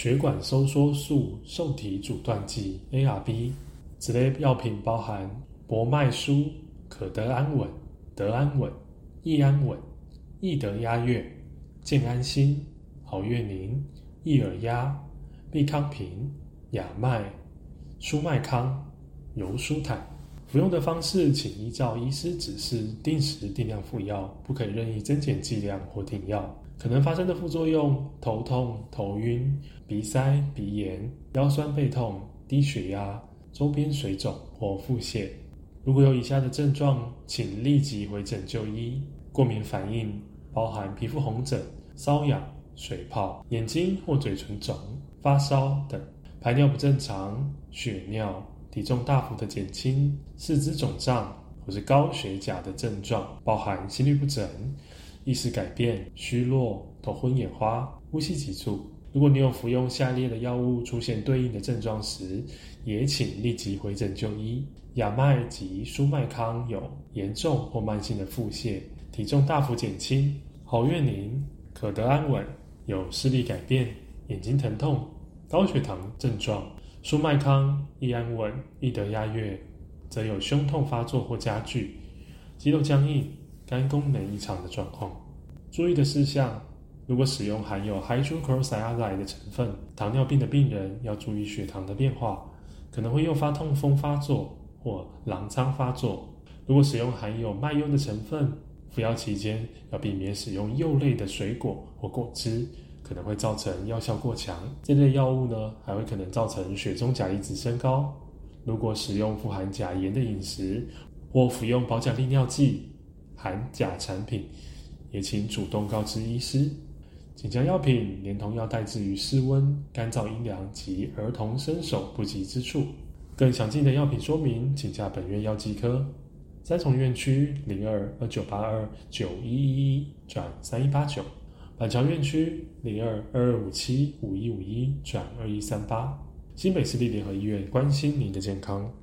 血管收縮素受體阻斷劑 （ARB） 此類藥品包含博脈舒、可得安穩、得安穩、易安穩、易得壓月、健安心、郝悅寧、易爾壓、必康平、雅麥、舒麥康、柔舒坦。服用的方式，請依照醫師指示，定時定量服藥，不可以任意增減劑量或停藥。可能發生的副作用：頭痛、頭暈、鼻塞、鼻炎、腰酸背痛、低血壓、周邊水腫或腹瀉。如果有以下的症狀，請立即回診就醫：過敏反應，包含皮膚紅疹、瘙癢、水泡、眼睛或嘴唇腫、發燒等；排尿不正常、血尿。體重大幅的減輕，四肢腫脹，或是高血鉀的症狀，包含心律不整、意識改變、虛弱、頭昏眼花、呼吸急促。如果你有服用下列的藥物出現對應的症狀時，也請立即回診就醫。亞麥及舒麥康有嚴重或慢性的腹瀉、體重大幅減輕；好悅寧、可得安穩有視力改變、眼睛疼痛、高血糖症狀。舒麥康、易安穩、易得壓樂，則有胸痛發作或加劇、肌肉僵硬、肝功能異常的狀況。注意的事項：如果使用含有 hydrochlorothiazide 的成分，糖尿病的病人要注意血糖的變化，可能會誘發痛風發作或狼瘡發作。如果使用含有脈優的成分，服藥期間要避免使用柚類的水果或果汁。可能會造成藥效過強。這類藥物呢，還會可能造成血中鉀離子升高。如果使用富含鉀鹽的飲食或服用保鉀利尿劑、含鉀產品，也請主動告知醫師。請將藥品連同藥袋置於室溫、乾燥、陰涼及兒童伸手不及之處。更詳盡的藥品說明，請洽本院藥劑科。三重院區零二二九八二九一一一轉三一八九。板橋院區零二二二五七五一五一轉二一三八，38，新北市立聯合醫院，關心您的健康。